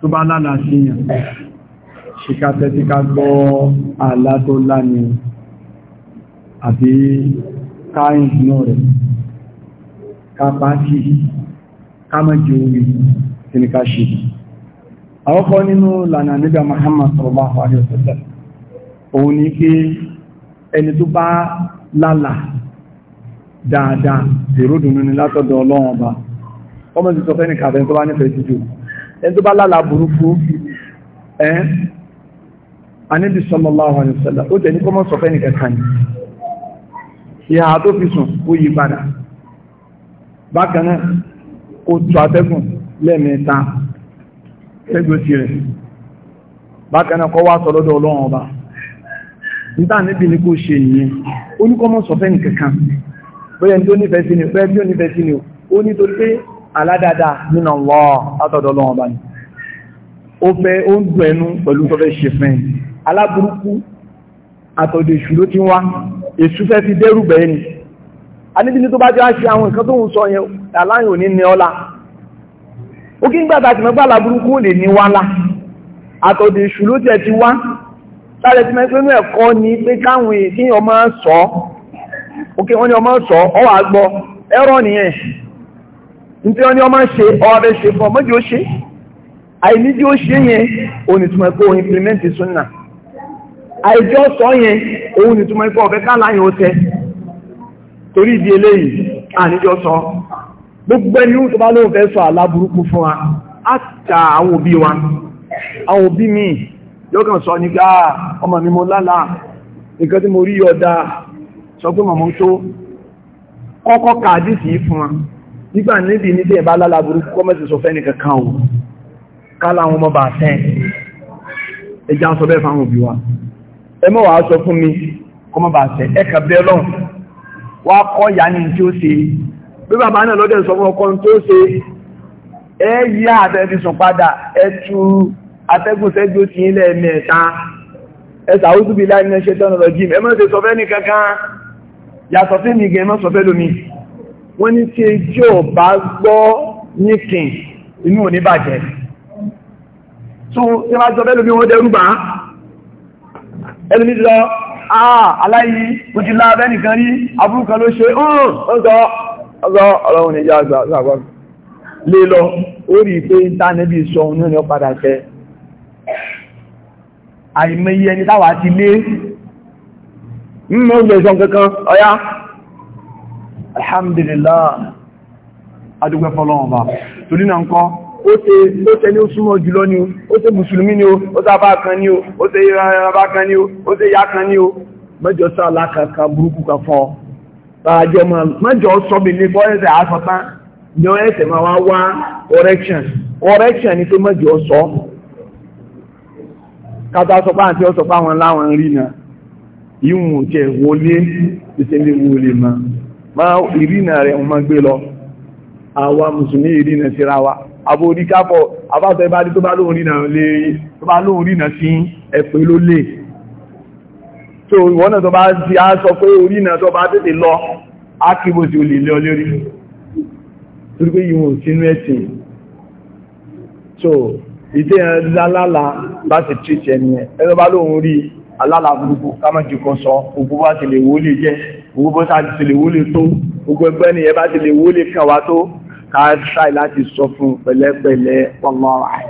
tó bá lálàá sí yàn ṣíkàtẹ́ tí ká gbọ́ àlá tó lá ni àbí káyìn náà rẹ̀ ká pàájì ká mẹ́jì orí tí ni ká ṣe àwọ́kọ́ nínú lànà nígbà Muhammad sallallahu alaihi wasallam òun ni pé ẹni tó bá lálàá dáadáa èrò ni látọ̀dọ̀ ọlọ́run ọba ọmọ ti sọ fẹ́ ní tó bá nífẹ̀ẹ́ sí jù ẹni tó bá lálà burúkú ẹ́ anábì sallallahu alaihi wasallam ó tẹ̀ ní kọ́mọ́ sọ fẹ́ni kankan ni ìhà tó fi sùn ó yí padà bákan náà ó tu atẹ́gùn lẹ́ẹ̀mẹ́ta fẹ́gbẹ́ tirẹ̀ bákan náà kọ́ wá sọ lọ́dọ̀ ọlọ́run ọba níta níbi ní kó ṣe ìyẹn ó ní kọ́mọ́ sọ fẹ́ni kankan bóyá ní tó nífẹ̀ẹ́ sí ni bóyá bí ó nífẹ̀ẹ́ sí ni ó nítorí pé aládàdà nínú ọlọ́ látọ̀dọ̀ lọ́wọ́ bá ní ó fẹ́ ó ń dùn ẹnu pẹ̀lú tó fẹ́ ṣe fẹ́ aláburúkú àtọ̀dọ̀ ìṣúró tí wá èṣù fẹ́ fi dẹ́rù bẹ̀ẹ́ ni a níbi ní tó bá jẹ́ àṣẹ àwọn nǹkan tó ń sọ yẹn aláyìn òní ní ọlá ni pé káwọn èèyàn ọmọ sọ ó tí wọ́n ní ọmọ ṣe ọ̀rẹ́ ṣe fún ọmọdé ó ṣe àìní tí ó ṣe yẹn òun nìtumọ̀ ẹ̀kọ́ òun implement sunna àìjọ sọ yẹn òun nìtumọ̀ ẹ̀kọ́ ọ̀fẹ́ káláyìn ó tẹ torí ìdí eléyìí àníjọ sọ gbogbo ẹni tó bá lóun fẹ́ sọ aláburúkú fún wa á ta àwọn òbí wa àwọn òbí mi yóò kàn sọ nígbà ah, ọmọ mi mo lálà nǹkan tí mo rí yọ̀ọ̀dà sọ pé màmá tó kọ́kọ́ kàdísì fún wa nígbà níbi ní tẹ́ẹ̀ bá lálà burúkú kọ́mẹ́sì sọ fẹ́ nìkan kan ohun kálà àwọn ọmọ bà tẹ́ ẹjá sọ bẹ́ẹ̀ fáwọn òbí wa ẹ mọ́ wàá sọ fún mi kọ́mọ bà tẹ́ ẹkà bẹ́ẹ̀ lọ́n wá kọ́ ìyá ní tí ó ṣe bí bàbá náà lọ́dẹ̀ sọ fún ọkọ tí ó ṣe ẹ yí àtẹ́fisùn padà ẹ tu wọ́n ní tí ejò bá gbọ́ níkìn inú òní bàjẹ́ tún tí wá jọ bẹ́lú bí wọ́n dẹrúgbà ẹlùmí lọ àà ah, aláyí òjìlá abẹ́nìkan rí abúrúkan ló ṣe ọ̀rọ̀ ọ̀rọ̀ ìjà àgbàgbà lè lọ orí pé ìntánẹ́bì sọ ní ọ̀nà padà tẹ́ àìmẹ́yẹ ni táwà ti lé mọ́ ọjọ́ ìṣọ́ alhamdulillah adúgbẹ́ fọ́lọ́wọ́n bá torí náà kọ́ ó tẹ ó tẹ ní ó súnmọ́ jùlọ ni ó ó tẹ mùsùlùmí ni ó ó tẹ abá kan ni ó ó tẹ ìrànlọ́bá kan ni ó ó tẹ ìyá kan ni ó mẹ́jọ sá alákàkà burúkú kan fọ́ tààjọ máa mẹ́jọ sọ́bì ní fọ́ ẹ̀sẹ̀ àásọ̀tán ni ó ẹ̀sẹ̀ máa wá wá correction correction ni pé mẹ́jọ sọ kátà sọpá àti ọsọpá wọn ma ìrìnà rẹ̀ ọmọ gbé lọ àwa mùsùlùmí ìrìnà síra wa àbò oríkápọ̀ àbátọ̀ ẹbá dí tó bá lóhun rìnà sí ẹ̀pẹ́ ló lè tó ìwọ́nà tó bá ti á sọ pé orínà tó bá tètè lọ á kíbò sí olè lé ọlé orí torí so ìdí lálálà láti tríṣẹ́ ni ẹ̀ ẹ̀rọ bá lóhun rí alálà gbogbo kama má jù kan sọ gbogbo wá ti lè lè jẹ́ gbogbo ta ti lè wúlé tó gbogbo ẹgbẹ́ ni ẹ bá ti lè wúlé kan wá tó ká ṣáì láti sọ fún pẹ̀lẹ́pẹ̀lẹ́ ọlọ́run